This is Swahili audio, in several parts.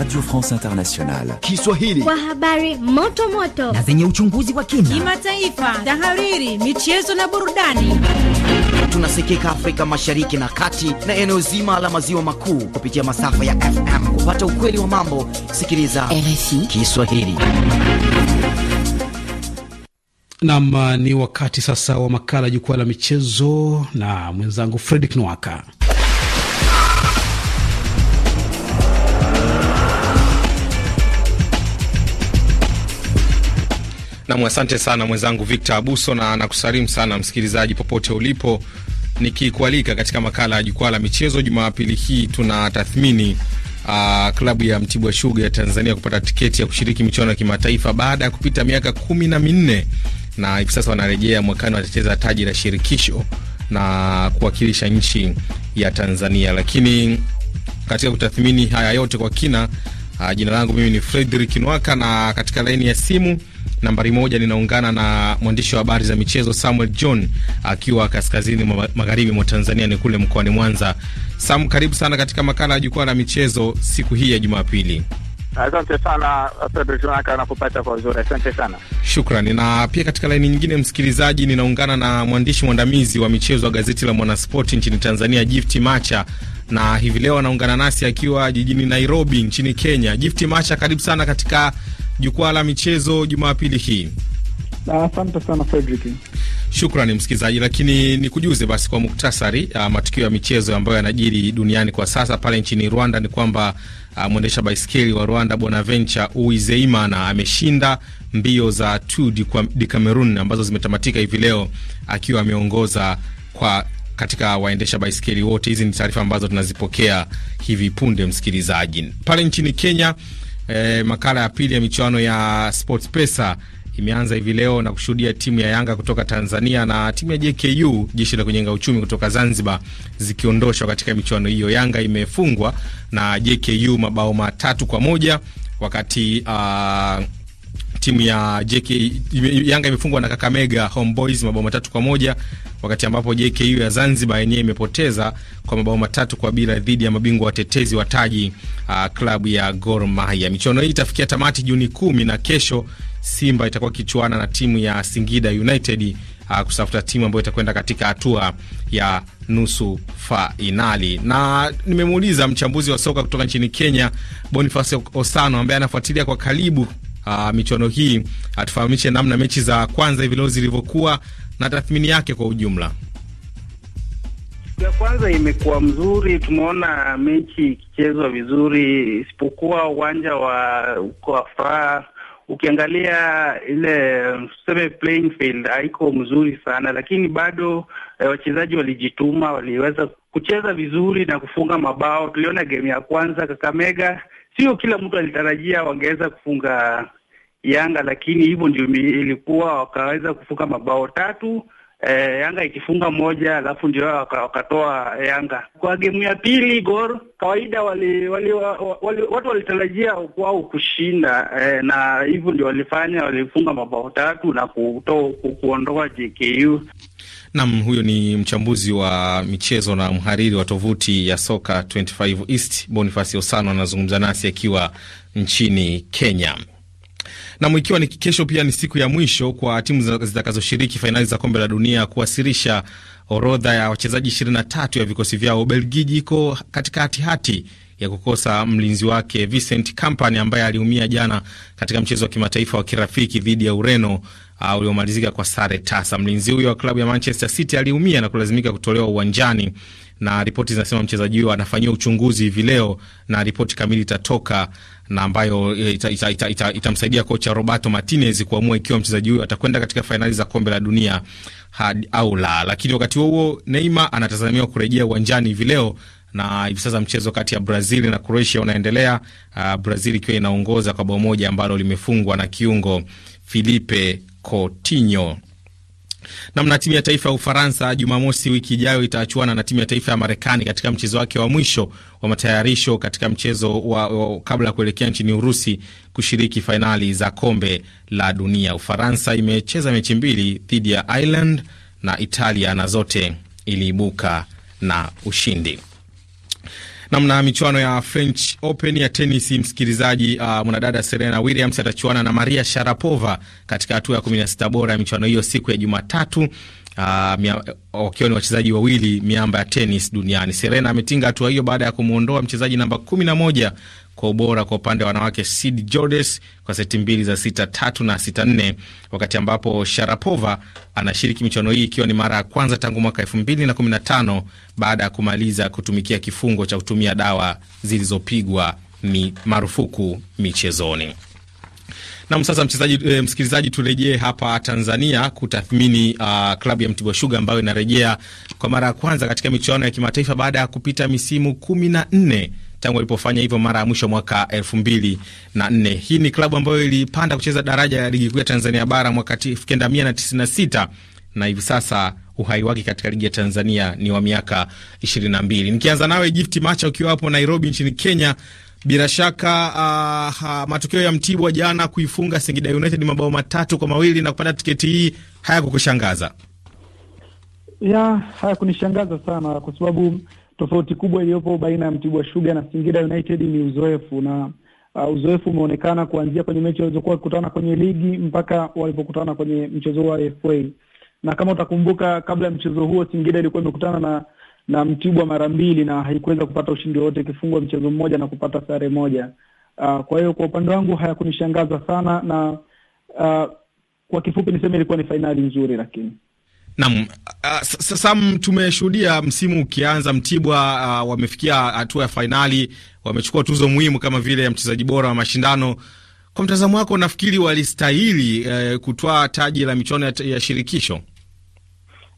Radio France Internationale Kiswahili kwa habari moto moto na zenye uchunguzi wa kina, kimataifa, tahariri, michezo na burudani. Tunasikika Afrika Mashariki na Kati na eneo zima la maziwa makuu kupitia masafa ya FM. Kupata ukweli wa mambo, sikiliza RFI Kiswahili. Nam ni wakati sasa wa makala jukwaa la michezo na mwenzangu Fredrick Nwaka. Nam, asante sana mwenzangu Victor Abuso, na nakusalimu sana msikilizaji popote ulipo, nikikualika katika makala ya jukwaa la michezo. Jumapili hii tuna tathmini uh, ah, klabu ya Mtibwa Sugar ya Tanzania kupata tiketi ya kushiriki michuano ya kimataifa baada ya kupita miaka kumi na minne na hivi sasa wanarejea mwakani, watacheza taji la shirikisho na kuwakilisha nchi ya Tanzania. Lakini katika kutathmini haya yote kwa kina, uh, jina langu mimi ni Fredrick Nwaka na katika laini ya simu Nambari moja ninaungana na mwandishi wa habari za michezo Samuel John akiwa kaskazini magharibi mwa Tanzania, ni kule mkoani Mwanza. Sam, karibu sana katika makala ya jukwaa la michezo siku hii ya Jumapili. Asante sana nakupata kwa uzuri, asante sana shukrani. Na pia katika laini nyingine, msikilizaji, ninaungana na mwandishi mwandamizi wa michezo wa gazeti la Mwanaspoti nchini Tanzania, Gift Macha, na hivi leo anaungana nasi akiwa jijini Nairobi nchini Kenya. Gift Macha, karibu sana katika jukwaa la michezo Jumapili hii. Asante sana Fredrick. Shukrani msikilizaji, lakini nikujuze basi kwa muktasari ah, matukio ya michezo ambayo yanajiri duniani kwa sasa. Pale nchini Rwanda ni kwamba ah, mwendesha baiskeli wa Rwanda Bonaventure uizeimana ameshinda mbio za Tour du Cameroon ambazo zimetamatika hivi leo akiwa ameongoza kwa katika waendesha baiskeli wote. Hizi ni taarifa ambazo tunazipokea hivi punde, msikilizaji. Pale nchini Kenya eh, makala ya pili ya michuano ya Pesa imeanza hivi leo na kushuhudia timu ya Yanga kutoka Tanzania na timu ya JKU jeshi la kujenga uchumi kutoka Zanzibar zikiondoshwa katika michuano hiyo. Yanga imefungwa na JKU mabao matatu kwa moja wakati uh, timu ya JK Yanga imefungwa na Kakamega Homeboys mabao matatu kwa moja wakati ambapo JKU ya Zanzibar yenyewe imepoteza kwa mabao matatu kwa bila dhidi ya mabingwa watetezi wa taji uh, klabu ya Gor Mahia. Michuano hii itafikia tamati Juni kumi na kesho Simba itakuwa kichuana na timu ya Singida United uh, kusafuta timu ambayo itakwenda katika hatua ya nusu fainali. Na nimemuuliza mchambuzi wa soka kutoka nchini Kenya Boniface Osano ambaye anafuatilia kwa karibu uh, michuano hii, atufahamishe namna mechi za kwanza hivi leo zilivyokuwa na tathmini yake kwa ujumla. Ya kwanza imekuwa mzuri, tumeona mechi ikichezwa vizuri, isipokuwa uwanja wa furaha ukiangalia ile tuseme playing field haiko mzuri sana, lakini bado e, wachezaji walijituma, waliweza kucheza vizuri na kufunga mabao. Tuliona game ya kwanza Kakamega sio kila mtu alitarajia wangeweza kufunga Yanga, lakini hivyo ndio ilikuwa, wakaweza kufunga mabao tatu eh, Yanga ikifunga moja, alafu ndio wakatoa Yanga kwa gemu ya pili. Gor kawaida wali, wali, wali, watu walitarajia kwao kushinda eh, na hivyo ndio walifanya, walifunga mabao tatu na kuondoa JKU. Nam, huyo ni mchambuzi wa michezo na mhariri wa tovuti ya soka 25 East Bonifasi Osano anazungumza nasi akiwa nchini Kenya. Nam, ikiwa ni kesho pia ni siku ya mwisho kwa timu zitakazoshiriki fainali za kombe la dunia kuwasilisha orodha ya wachezaji 23 ya vikosi vyao. Ubelgiji iko katika hatihati ya kukosa mlinzi wake Vincent Kompany ambaye aliumia jana katika mchezo wa kimataifa wa kirafiki dhidi ya Ureno uh, uliomalizika kwa sare tasa. Mlinzi huyo wa klabu ya Manchester City aliumia na kulazimika kutolewa uwanjani, na ripoti zinasema mchezaji huyo anafanyiwa uchunguzi hivi leo na ripoti kamili itatoka na ambayo itamsaidia e, ita, ita, ita, ita kocha Roberto Martinez kuamua ikiwa mchezaji huyo atakwenda katika fainali za kombe la dunia hadi au la. Lakini wakati huo huo Neymar anatazamiwa kurejea uwanjani hivi leo na hivi sasa mchezo kati ya Brazil na Croatia unaendelea, uh, Brazil ikiwa inaongoza kwa bao moja ambalo limefungwa na kiungo Filipe Coutinho. Namna timu ya taifa ya Ufaransa Jumamosi wiki ijayo itaachuana na timu ya taifa ya Marekani katika mchezo wake wa mwisho wa matayarisho katika mchezo wa, wa, kabla ya kuelekea nchini Urusi kushiriki fainali za kombe la dunia. Ufaransa imecheza mechi mbili dhidi ya Ireland na Italia na zote iliibuka na ushindi namna michuano ya French Open ya tenis, msikilizaji, uh, mwanadada Serena Williams atachuana na Maria Sharapova katika hatua ya 16 bora ya michuano hiyo siku ya Jumatatu uh, wakiwa uh, ni wachezaji wawili miamba ya tenis duniani. Serena ametinga hatua hiyo baada ya kumwondoa mchezaji namba moja kwa ubora kwa upande wa wanawake Sid Jordes kwa seti mbili za sita tatu na sita nne, wakati ambapo Sharapova anashiriki michuano hii ikiwa ni mara ya kwanza tangu mwaka elfu mbili na kumi na tano baada ya kumaliza kutumikia kifungo cha kutumia dawa zilizopigwa mi, marufuku michezoni. Nam, sasa mchezaji, eh, msikilizaji, turejee hapa Tanzania kutathmini uh, klabu ya Mtibwa Sugar ambayo inarejea kwa mara ya kwanza katika michuano ya kimataifa baada ya kupita misimu kumi na nne tangu walipofanya hivyo mara ya mwisho mwaka elfu mbili na nne. Hii ni klabu ambayo ilipanda kucheza daraja ya ligi kuu ya Tanzania bara mwaka elfu kenda mia na tisini na sita na hivi sasa uhai wake katika ligi ya Tanzania ni wa miaka ishirini na mbili. Nikianza nawe Gift Macha, ukiwa hapo Nairobi nchini Kenya, bila shaka uh, matokeo ya Mtibwa jana kuifunga Singida United mabao matatu kwa mawili na kupata tiketi hii hayakukushangaza? Ya, hayakunishangaza sana kwa sababu Tofauti kubwa iliyopo baina ya Mtibwa Sugar na Singida United ni uzoefu na uh, uzoefu umeonekana kuanzia kwenye mechi walizokuwa wakikutana kwenye ligi mpaka walipokutana kwenye mchezo wa FA. Na kama utakumbuka, kabla ya mchezo huo Singida ilikuwa imekutana na na Mtibwa mara mbili na haikuweza kupata ushindi wowote, ikifungwa mchezo mmoja na kupata sare moja. Uh, kwa hiyo kwa upande wangu hayakunishangaza sana na uh, kwa kifupi niseme ilikuwa ni fainali nzuri lakini Naam, uh, sasa tumeshuhudia msimu ukianza, Mtibwa uh, wamefikia hatua ya fainali, wamechukua tuzo muhimu kama vile mchezaji bora wa mashindano. Kwa mtazamo wako, nafikiri walistahili uh, kutwaa taji la michuano ya, ya shirikisho?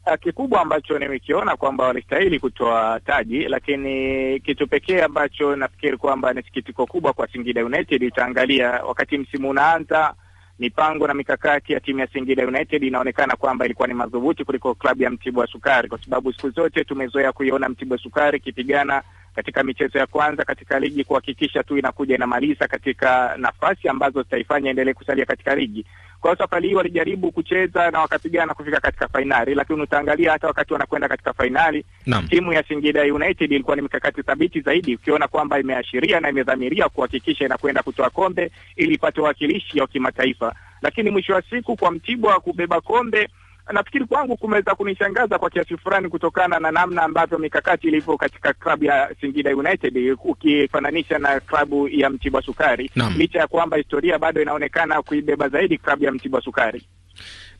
Uh, kikubwa ambacho nimekiona kwamba walistahili kutoa taji, lakini kitu pekee ambacho nafikiri kwamba ni sikitiko kubwa kwa Singida United, itaangalia wakati msimu unaanza mipango na mikakati ya timu ya Singida United inaonekana kwamba ilikuwa ni madhubuti kuliko klabu ya Mtibwa Sukari, kwa sababu siku zote tumezoea kuiona Mtibwa Sukari ikipigana katika michezo ya kwanza katika ligi kuhakikisha tu inakuja inamaliza katika nafasi ambazo zitaifanya endelee kusalia katika ligi. Kwa hiyo safari hii walijaribu kucheza na wakapigana kufika katika fainali, lakini utaangalia hata wakati wanakwenda katika fainali timu ya Singida United ilikuwa ni mikakati thabiti zaidi, ukiona kwamba imeashiria na imedhamiria kuhakikisha inakwenda kutoa kombe ili ipate uwakilishi wa kimataifa, lakini mwisho wa siku kwa mtibwa wa kubeba kombe nafikiri kwangu kumeweza kunishangaza kwa kiasi fulani kutokana na namna ambavyo mikakati ilivyo katika klabu ya Singida United ukifananisha na klabu ya Mtibwa Sukari, licha ya kwamba historia bado inaonekana kuibeba zaidi klabu ya Mtibwa Sukari.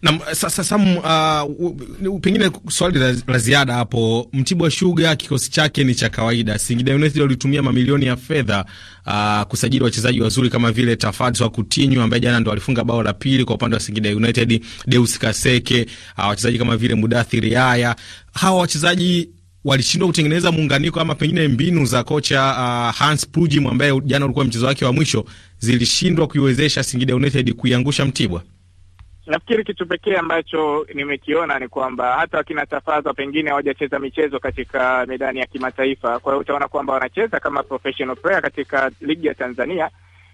Na sasa Sam, mm, uh, ah, pengine swali la ziada hapo. Mtibwa Sugar kikosi chake ni cha kawaida. Singida United walitumia mamilioni ya fedha uh, kusajili wachezaji wazuri kama vile wa Coutinho ambaye jana ndo alifunga bao la pili kwa upande wa Singida United, Deus Kaseke, uh, wachezaji kama vile Mudathiri Haya. Hawa wachezaji walishindwa kutengeneza muunganiko ama pengine mbinu za kocha uh, Hans Pujim ambaye jana ulikuwa mchezo wake wa mwisho zilishindwa kuiwezesha Singida United kuiangusha Mtibwa. Nafikiri kitu pekee ambacho nimekiona ni kwamba hata wakina Tafaza pengine hawajacheza michezo katika medani ya kimataifa. Kwa hiyo utaona kwamba wanacheza kama professional player katika ligi ya Tanzania,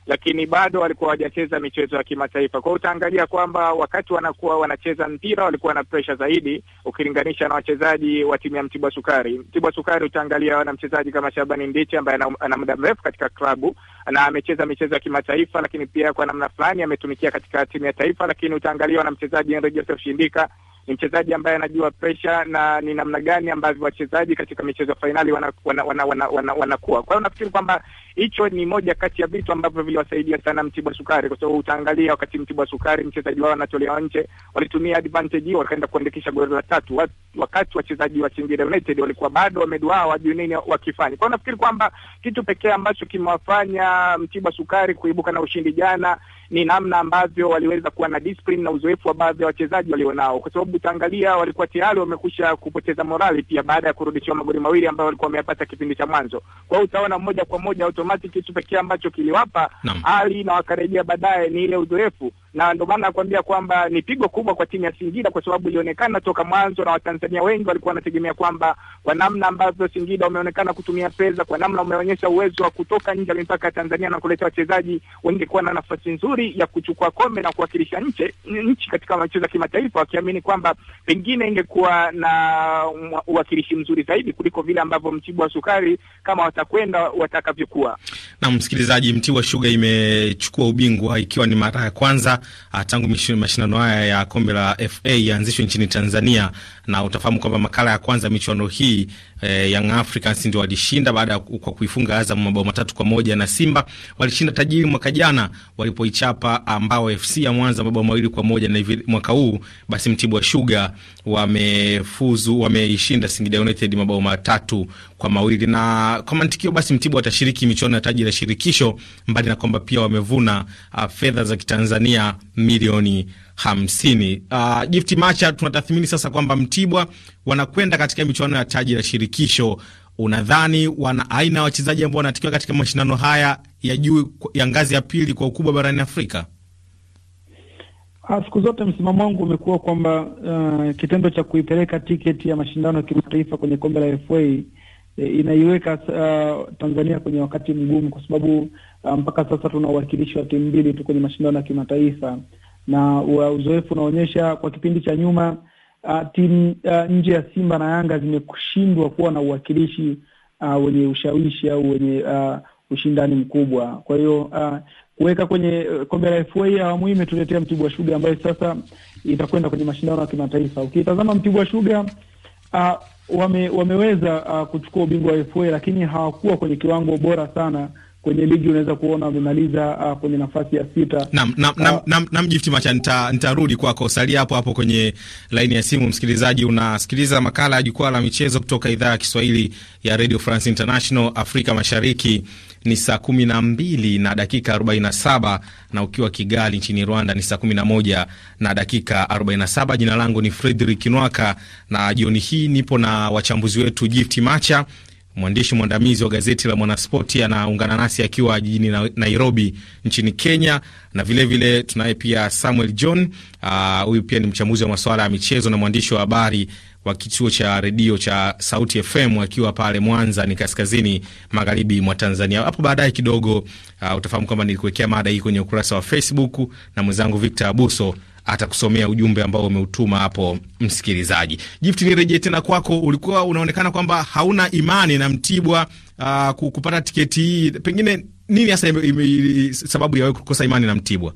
lakini bado walikuwa hawajacheza michezo ya kimataifa. Kwa hiyo utaangalia kwamba wakati wanakuwa wanacheza mpira walikuwa na presha zaidi ukilinganisha na wachezaji wa timu ya Mtibwa Sukari. Mtibwa Sukari utaangalia na mchezaji kama Shabani ndiche ambaye ana muda mrefu katika klabu na amecheza michezo ya kimataifa, lakini pia kwa namna fulani ametumikia katika timu ya taifa, lakini utaangalia na mchezaji Henry Joseph Shindika ni mchezaji ambaye anajua presha na ni namna gani ambavyo wachezaji katika michezo ya fainali wanakuwa wana, wana, wana, wana, wana. Kwa hiyo nafikiri kwamba hicho ni moja kati ya vitu ambavyo viliwasaidia sana Mtibwa Sukari, kwa sababu utaangalia wakati Mtibwa Sukari mchezaji wao anatolewa nje, walitumia advantage hiyo wakaenda kuandikisha goli la tatu, wakati wachezaji wa Singida United walikuwa bado wameduaa, wajui nini wakifanya. Kwa hiyo nafikiri kwamba kitu pekee ambacho kimewafanya Mtibwa Sukari kuibuka na ushindi jana ni namna ambavyo waliweza kuwa na discipline na uzoefu wa baadhi ya wachezaji walionao, kwa sababu utaangalia walikuwa tayari wamekusha kupoteza morali pia baada ya kurudishiwa magoli mawili ambayo walikuwa wameyapata kipindi cha mwanzo. Kwa hiyo utaona moja kwa moja automatic kitu pekee ambacho kiliwapa hali na wakarejea baadaye ni ile uzoefu, na ndio maana nakwambia kwamba ni pigo kubwa kwa timu ya Singida kwa sababu ilionekana toka mwanzo na Watanzania wengi walikuwa wanategemea kwamba kwa namna ambavyo Singida wameonekana kutumia fedha, kwa namna umeonyesha uwezo wa kutoka nje ya mipaka ya Tanzania na kuleta wachezaji wangekuwa na nafasi nzuri nzuri ya kuchukua kombe na kuwakilisha nchi nchi katika michezo ya kimataifa, wakiamini kwamba pengine ingekuwa na uwakilishi mzuri zaidi kuliko vile ambavyo Mtibwa wa Sukari kama watakwenda watakavyokuwa. Na msikilizaji, Mtibwa Shuga imechukua ubingwa ikiwa ni mara ya kwanza ah, tangu mashindano haya ya kombe la FA yaanzishwe nchini Tanzania na utafahamu kwamba makala ya kwanza ya michuano hii eh, Young Africans ndio walishinda baada ya kwa kuifunga Azam mabao matatu kwa moja na Simba walishinda tajiri mwaka jana walipoichapa ambao FC ya Mwanza mabao mawili kwa moja na hivi mwaka huu basi Mtibwa Sugar wamefuzu wameishinda Singida United mabao matatu kwa mawili na kwa mantikio basi Mtibwa watashiriki michuano ya taji la shirikisho mbali na kwamba pia wamevuna uh, fedha za kitanzania milioni hamsini. Uh, Gift Macha, tunatathmini sasa kwamba Mtibwa wanakwenda katika michuano ya taji la shirikisho. Unadhani wana aina ya wachezaji ambao wanatakiwa katika mashindano haya ya juu ya ngazi ya pili kwa ukubwa barani Afrika? Ah, siku zote msimamo wangu umekuwa kwamba uh, kitendo cha kuipeleka tiketi ya mashindano ya kimataifa kwenye kombe la FA eh, inaiweka uh, Tanzania kwenye wakati mgumu, kwa sababu uh, mpaka sasa tuna uwakilishi wa timu mbili tu kwenye mashindano ya kimataifa na uzoefu unaonyesha kwa kipindi cha nyuma uh, timu uh, nje ya Simba na Yanga zimeshindwa kuwa na uwakilishi uh, wenye ushawishi au wenye uh, ushindani mkubwa. Kwa hiyo uh, kuweka kwenye uh, kombe la FA awamu hii imetuletea Mtibwa shuga ambayo sasa itakwenda kwenye mashindano ya kimataifa. Ukitazama Mtibwa shuga uh, wame, wameweza uh, kuchukua ubingwa wa FA lakini hawakuwa kwenye kiwango bora sana kwenye ligi unaweza kuona wamemaliza uh, kwenye nafasi ya sita. Nam, naam, uh, naam, naam, naam ah, Macha, nita nitarudi kwako, salia hapo hapo kwenye laini ya simu. Msikilizaji, unasikiliza makala ya jukwaa la michezo kutoka idhaa ya Kiswahili ya Radio France International. Afrika Mashariki ni saa kumi na mbili na dakika arobaini na saba na ukiwa Kigali nchini Rwanda ni saa kumi na moja na dakika arobaini na saba Jina langu ni Fredrick Nwaka na jioni hii nipo na wachambuzi wetu Gift Macha Mwandishi mwandamizi wa gazeti la Mwanaspoti anaungana nasi akiwa jijini Nairobi nchini Kenya, na vilevile tunaye pia Samuel John. Ah, huyu uh, pia ni mchambuzi wa masuala ya michezo na mwandishi wa habari wa kituo cha redio cha Sauti FM akiwa pale Mwanza, ni kaskazini magharibi mwa Tanzania. Hapo baadaye kidogo uh, utafahamu kwamba nilikuwekea mada hii kwenye ukurasa wa Facebook na mwenzangu Victor Abuso atakusomea ujumbe ambao umeutuma hapo msikilizaji. Gift, nirejee tena kwako. Ulikuwa unaonekana kwamba hauna imani na Mtibwa uh, kupata tiketi hii, pengine nini hasa sababu ya wewe kukosa imani na Mtibwa?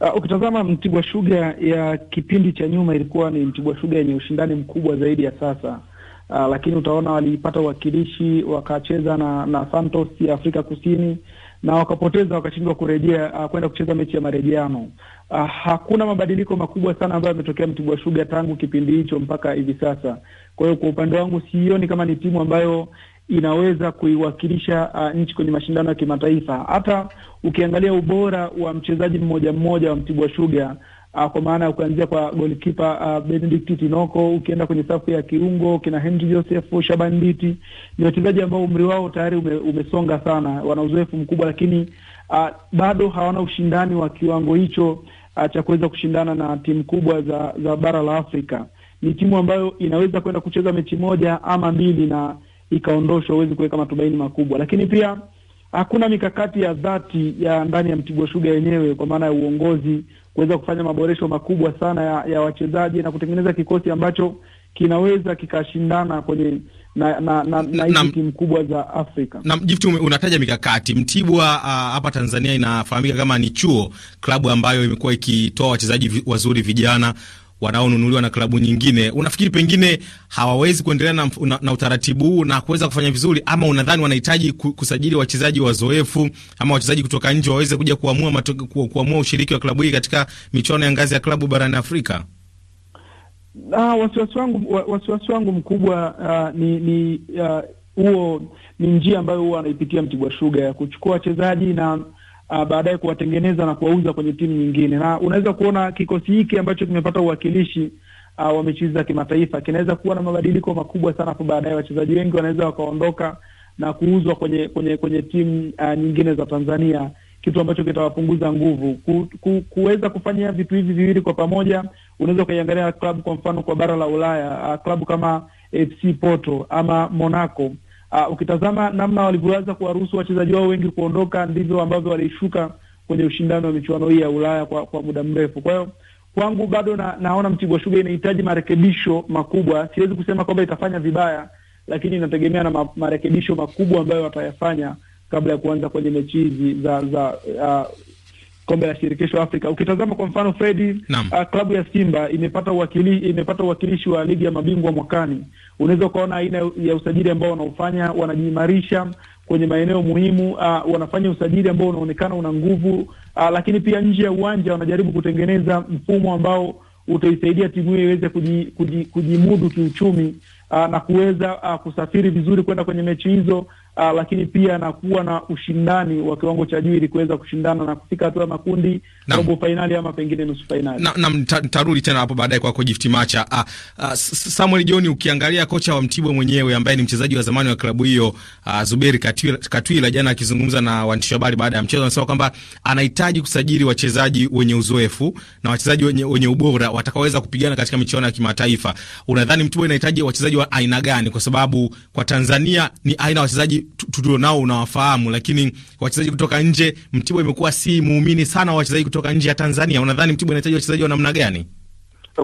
Uh, ukitazama Mtibwa shuga ya kipindi cha nyuma ilikuwa ni Mtibwa shuga yenye ushindani mkubwa zaidi ya sasa. Uh, lakini utaona walipata uwakilishi wakacheza na, na Santos ya Afrika Kusini na wakapoteza wakashindwa kurejea uh, kwenda kucheza mechi ya marejeano. Uh, hakuna mabadiliko makubwa sana ambayo yametokea Mtibwa Sugar tangu kipindi hicho mpaka hivi sasa. Kwa hiyo kwa upande wangu sioni kama ni timu ambayo inaweza kuiwakilisha uh, nchi kwenye mashindano ya kimataifa. Hata ukiangalia ubora wa mchezaji mmoja mmoja wa Mtibwa Sugar uh, kwa maana ya kuanzia kwa golikipa uh, Benedict Tinoko, ukienda kwenye safu ya kiungo kina Henry Joseph, Shabanditi, ni wachezaji ambao umri wao tayari ume, umesonga sana, wana uzoefu mkubwa, lakini uh, bado hawana ushindani wa kiwango hicho uh, cha kuweza kushindana na timu kubwa za, za bara la Afrika. Ni timu ambayo inaweza kwenda kucheza mechi moja ama mbili na ikaondoshwa, huwezi kuweka matumaini makubwa, lakini pia hakuna mikakati ya dhati ya ndani ya Mtibwa shuga yenyewe kwa maana ya uongozi kuweza kufanya maboresho makubwa sana ya, ya wachezaji na kutengeneza kikosi ambacho kinaweza kikashindana kwenye na na, na, timu kubwa za Afrika. Na Jifti, unataja mikakati. Mtibwa uh, hapa uh, Tanzania inafahamika kama ni chuo klabu ambayo imekuwa ikitoa wachezaji wazuri vijana wanaonunuliwa na klabu nyingine, unafikiri pengine hawawezi kuendelea na, na, na utaratibu huu na kuweza kufanya vizuri, ama unadhani wanahitaji kusajili wachezaji wazoefu ama wachezaji kutoka nje waweze kuja kuamua kuamua ushiriki wa klabu hii katika michuano ya ngazi ya klabu barani Afrika? Ah, wasiwasi wangu wasiwasi wangu mkubwa uh, ni ni ah, huo ni njia ambayo huwa anaipitia Mtibwa shuga ya kuchukua wachezaji na uh, baadaye kuwatengeneza na kuwauza kwenye timu nyingine, na unaweza kuona kikosi hiki ambacho kimepata uwakilishi uh, wa mechi za kimataifa kinaweza kuwa na mabadiliko makubwa sana hapo baadaye. Wachezaji wengi wanaweza wakaondoka na kuuzwa kwenye kwenye kwenye timu uh, nyingine za Tanzania, kitu ambacho kitawapunguza nguvu ku, ku, kuweza kufanya vitu hivi viwili kwa pamoja. Unaweza ukaiangalia klabu kwa mfano kwa bara la Ulaya, uh, klabu kama FC Porto ama Monaco Uh, ukitazama namna walivyoweza kuwaruhusu wachezaji wao wengi kuondoka, ndivyo ambavyo walishuka kwenye ushindani wa michuano hii ya Ulaya kwa, kwa muda mrefu. Kwa hiyo kwangu bado na, naona Mtibwa shuga inahitaji marekebisho makubwa. Siwezi kusema kwamba itafanya vibaya, lakini inategemea na ma, marekebisho makubwa ambayo watayafanya kabla ya kuanza kwenye mechi hizi za za uh, kombe la shirikisho Afrika. Ukitazama kwa mfano Fredi, uh, klabu ya Simba imepata uwakili, imepata uwakilishi wa ligi ya mabingwa mwakani. Unaweza ukaona aina ya usajili ambao wanaofanya, wanajiimarisha kwenye maeneo muhimu, uh, wanafanya usajili ambao unaonekana una nguvu, uh, lakini pia nje ya uwanja wanajaribu kutengeneza mfumo ambao utaisaidia timu hiyo iweze kujimudu kuji, kuji kiuchumi, uh, na kuweza uh, kusafiri vizuri kwenda kwenye mechi hizo uh, lakini pia na kuwa na ushindani wa kiwango cha juu ili kuweza kushindana na kufika hatua ya makundi robo fainali ama pengine nusu fainali. Naam, tarudi tena hapo baadaye kwako Gift Macha. Uh, uh, Samuel John, ukiangalia kocha wa Mtibwa mwenyewe ambaye ni mchezaji wa zamani wa klabu hiyo uh, Zuberi Katwila, Katwila jana akizungumza na waandishi habari baada ya mchezo anasema kwamba anahitaji kusajili wachezaji wenye uzoefu na wachezaji wenye, wenye ubora watakaoweza kupigana katika michuano ya kimataifa. Unadhani Mtibwa inahitaji wachezaji wa aina gani? Kwa sababu kwa Tanzania ni aina wachezaji tulionao unawafahamu, lakini wachezaji kutoka nje, Mtibwa imekuwa si muumini sana wachezaji kutoka nje ya Tanzania. Unadhani Mtibwa inahitaji wachezaji wa namna gani?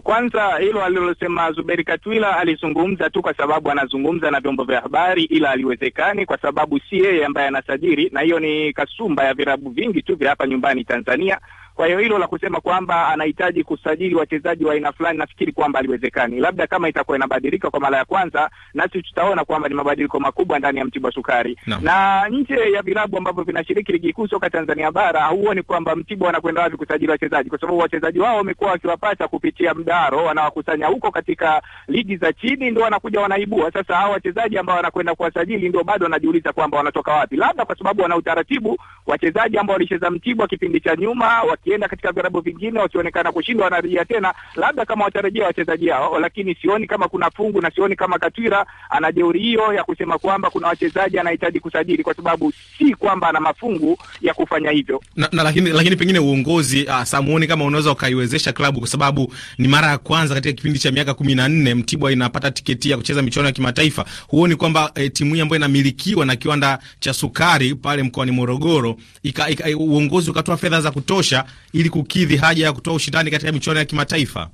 Kwanza hilo alilosema Zuberi Katwila alizungumza tu kwa sababu anazungumza na vyombo vya habari, ila aliwezekani kwa sababu si yeye ambaye anasajili, na hiyo ni kasumba ya virabu vingi tu vya hapa nyumbani Tanzania, kwa hiyo hilo la kusema kwamba anahitaji kusajili wachezaji wa aina fulani, nafikiri kwamba aliwezekani, labda kama itakuwa inabadilika kwa mara ya kwanza, nasi tutaona kwamba ni mabadiliko makubwa ndani ya Mtibwa Sukari no. na nje ya vilabu ambavyo vinashiriki ligi kuu soka Tanzania bara, huoni kwamba Mtibwa wanakwenda wapi kusajili wachezaji? Kwa sababu wachezaji wao wamekuwa wakiwapata kupitia mdaro, wanawakusanya huko katika ligi za chini, ndo wanakuja wanaibua. Sasa hawa wachezaji ambao wanakwenda kuwasajili ndio bado wanajiuliza kwamba wanatoka wapi, labda kwa sababu wana utaratibu wachezaji ambao walicheza Mtibwa kipindi cha nyuma waki wakienda katika vilabu vingine wakionekana kushindwa wanarejea tena, labda kama watarejea wachezaji hao, lakini sioni kama kuna fungu na sioni kama Katwira ana jeuri hiyo ya kusema kwamba kuna wachezaji anahitaji kusajili, kwa sababu si kwamba ana mafungu ya kufanya hivyo na, na, lakini, lakini pengine uongozi uh, samuoni kama unaweza ukaiwezesha klabu, kwa sababu ni mara ya kwanza katika kipindi cha miaka kumi na nne Mtibwa inapata tiketi ya kucheza michuano ya kimataifa. Huoni kwamba eh, timu hii ambayo inamilikiwa na kiwanda cha sukari pale mkoani Morogoro ika, ika, uongozi ukatoa fedha za kutosha ili kukidhi haja ya kutoa ushindani katika michuano ya kimataifa?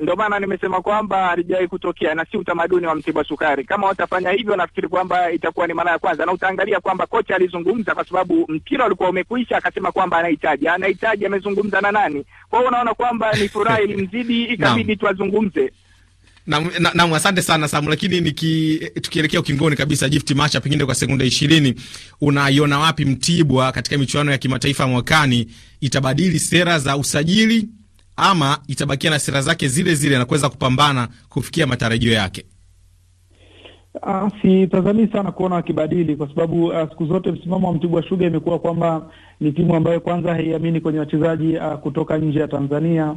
Ndio maana nimesema kwamba halijawahi kutokea na si utamaduni wa Mtibwa Sukari. Kama watafanya hivyo, nafikiri kwamba itakuwa ni mara ya kwanza, na utaangalia kwamba kocha alizungumza, kwa sababu mpira ulikuwa umekwisha, akasema kwamba anahitaji anahitaji, amezungumza na nani? Kwa hiyo unaona kwamba ni furaha ilimzidi, ikabidi tuwazungumze Nam, nam, asante sana Samu, lakini niki, tukielekea ukingoni kabisa, Gift Macha, pengine kwa sekunde ishirini, unaiona wapi Mtibwa katika michuano ya kimataifa mwakani itabadili sera za usajili ama itabakia na sera zake zile zile na kuweza kupambana kufikia matarajio yake? Uh, ah, sitazamii sana kuona wakibadili kwa sababu ah, siku zote msimamo wa Mtibwa Sugar imekuwa kwamba ni timu ambayo kwanza haiamini kwenye wachezaji ah, kutoka nje ya Tanzania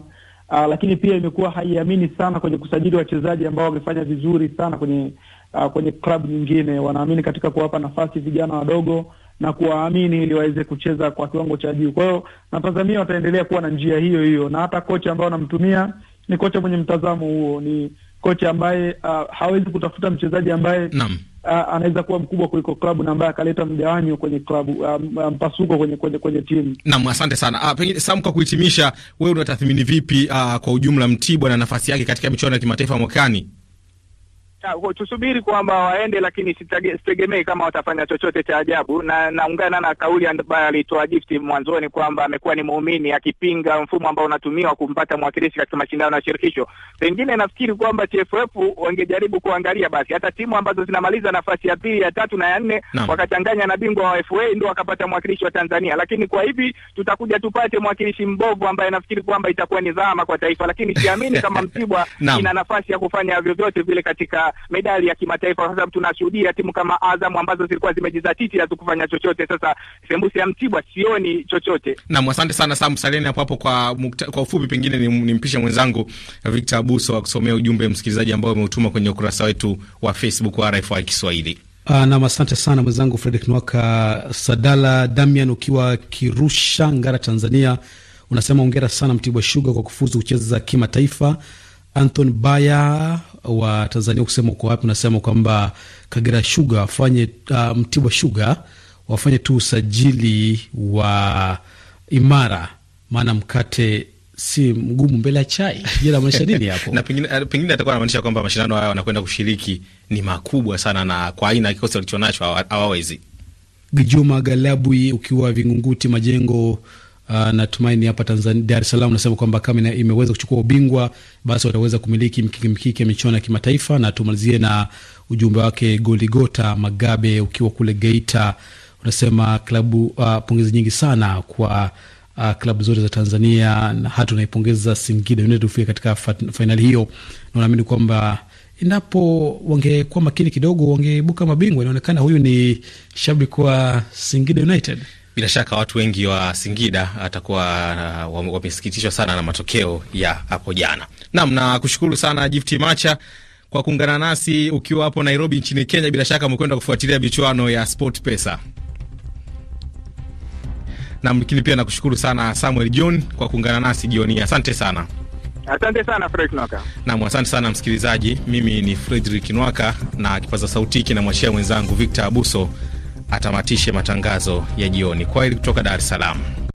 Uh, lakini pia imekuwa haiamini sana kwenye kusajili wachezaji ambao wamefanya vizuri sana kwenye uh, kwenye klabu nyingine. Wanaamini katika kuwapa nafasi vijana wadogo na kuwaamini ili waweze kucheza kwa kiwango cha juu. Kwa hiyo natazamia wataendelea kuwa na njia hiyo hiyo, na hata kocha ambao wanamtumia ni kocha mwenye mtazamo huo, ni kocha ambaye uh, hawezi kutafuta mchezaji ambaye anaweza kuwa mkubwa kuliko klabu na ambaye akaleta mgawanyo kwenye klabu mpasuko kwenye, kwenye, kwenye timu. Naam, asante sana. Ah, pengine Sam, kwa kuhitimisha, wewe unatathmini vipi, uh, kwa ujumla Mtibwa na nafasi yake katika michuano ya kimataifa mwakani? tusubiri kwamba waende, lakini sitegemei kama watafanya chochote cha ajabu, na naungana na kauli ambayo alitoa Gift mwanzoni kwamba amekuwa ni muumini akipinga mfumo ambao unatumiwa kumpata mwakilishi katika mashindano ya shirikisho. Pengine nafikiri kwamba TFF wangejaribu kuangalia basi hata timu ambazo zinamaliza nafasi ya pili, ya tatu na ya nne no. wakachanganya na bingwa wa FA ndio wakapata mwakilishi wa Tanzania, lakini kwa hivi tutakuja tupate mwakilishi mbovu ambaye nafikiri kwamba itakuwa ni dhama kwa taifa, lakini siamini kama Mtibwa no. ina nafasi ya kufanya vyovyote vile katika medali ya kimataifa. Sasa tunashuhudia timu kama Azam ambazo zilikuwa zimejizatiti kufanya chochote. Sasa Sembusi ya Mtibwa sioni chochote. Naam, asante sana Sam Saleni hapo hapo. Kwa mukta, kwa ufupi pengine nimpishe ni mwenzangu Victor Abuso akusomea ujumbe msikilizaji ambao umeutuma kwenye ukurasa wetu wa Facebook wa RFI Kiswahili. Uh, ah, Nam, asante sana mwenzangu Fredrick Nwaka Sadala Damian, ukiwa Kirusha, Ngara, Tanzania, unasema ongera sana Mtibwa Shuga kwa kufuzu kucheza kimataifa. Anthony Baya wa Tanzania kusema uko wapi, unasema kwamba Kagera Sugar wafanye uh, Mtibwa Sugar wafanye tu usajili wa imara, maana mkate si mgumu mbele ya chai. Je, namaanisha nini hapo? na pengine, eh, pengine atakuwa anamaanisha kwamba mashindano haya wanakwenda kushiriki ni makubwa sana, na kwa aina ya kikosi walichonacho hawawezi. gijuma Galabwi ukiwa Vingunguti Majengo Uh, natumaini hapa Tanzania, Dar es Salaam nasema kwamba kama imeweza kuchukua ubingwa basi wataweza kumiliki mkiki mkiki ya michuano ya kimataifa. Na tumalizie na ujumbe wake Goligota Magabe ukiwa kule Geita, unasema klabu uh, pongezi nyingi sana kwa uh, klabu zote za Tanzania na hata unaipongeza Singida United kufika katika fainali hiyo, na unaamini kwamba endapo wangekuwa makini kidogo wangeibuka mabingwa. Inaonekana huyu ni shabiki wa Singida United. Bila shaka watu wengi wa Singida atakuwa wamesikitishwa sana na matokeo ya hapo jana. Naam, na kushukuru sana Gift Macha kwa kuungana nasi ukiwa hapo Nairobi nchini Kenya. Bila shaka mmekwenda kufuatilia michuano ya Sport Pesa na lakini pia nakushukuru sana Samuel John kwa kuungana nasi jioni. Asante sana. Asante sana Fredrick Nwaka. Naam, asante sana msikilizaji. Mimi ni Fredrick Nwaka na kipaza sauti kinamwachia mwenzangu Victor Abuso atamatishe matangazo ya jioni. kwa hili kutoka Dar es Salaam.